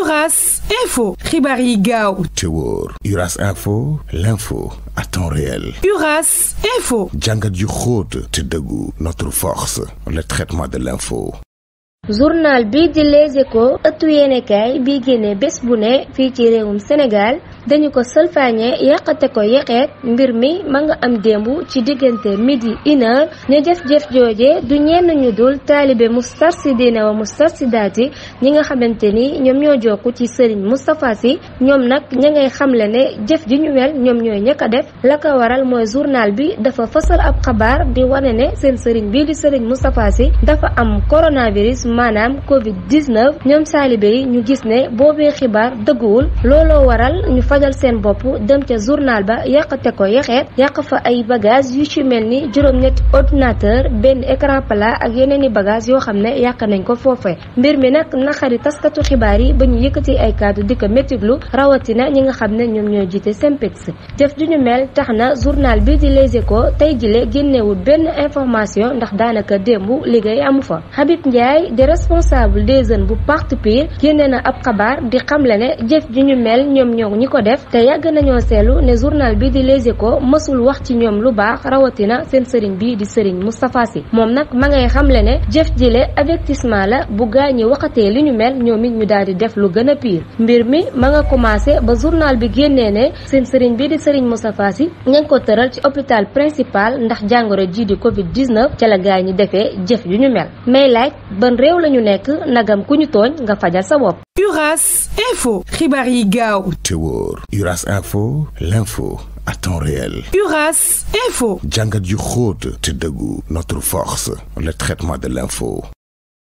Uras Info. Ribari Gao. Tchewor. Uras Info. L'info à temps réel. Uras Info. Django du Tedegu. Notre force. Le traitement de l'info. journal b de Les Échos ëttu yéenekaay Sénégal dañu ko salfaañee yàqate ko yexeet mbir mi ma nga am démb ci diggante midi une heure ñu jëf-jëf jooje du ñenn ñu dul taalibe mu mustarsidiina wa mustarsidaati ñi nga xamante ni ñoom ñoo jokku ci sëriñ Moustapha si ñoom nag ña ngay xamle ne jëf ji ñu wel ñoom ñooy ñëkk a def la waral mooy journal bi dafa fësal ab xabaar di wane ne seen sëriñ bii di sëriñ Moustapha si dafa am coronavirus maanaam covid 19 ñoom saalibe yi ñu gis ne boobee xibaar dëgguwul looloo fajal seen bopp dem ca journal ba te ko yaxeet yàq fa ay bagage yu ci mel ni juróom-ñetti ordinateur benn écran plat ak yeneen i bagage yoo xam ne yàq nañ ko foofe mbir mi nag naxari taskatu xibaar yi ba ñu yëkkati ay kàddu di ko rawatina ñi nga xam ne ñoom ñoo jiite Synpics jëf ju ñu mel tax na journal bi di Les ko tey jile génnewul benn information ndax daanaka démb liggéey amu fa Habib Ndiaye di responsable des jeunes bu parti PUR génne na ab xabaar di xamle ne jëf ñu mel def te yàgg nañoo seelu ne journal bi di Les Échos mësul wax ci ñoom lu baax rawatina seen sëriñ bi di sëriñ Moustapha Sy moom nag ma ngay xamle ne jëf jële avertissement la bu gaañ ñi waxatee li ñu mel ñoom it ñu daal di def lu gën a pire mbir mi ma nga commencé ba journal bi génnee ne seen sëriñ bi di sëriñ Moustapha Sy ngeen ko tëral ci hôpital principal ndax jàngoro ji di Covid 19 ca la gaañ ñi defee jëf yu ñu mel may laaj ban réew la ñu nekk nagam ku ñu tooñ nga fajal sa bopp. Uras Info Ribari Gao te Uras Info l'info à temps réel Uras Info Django du te notre force le traitement de l'info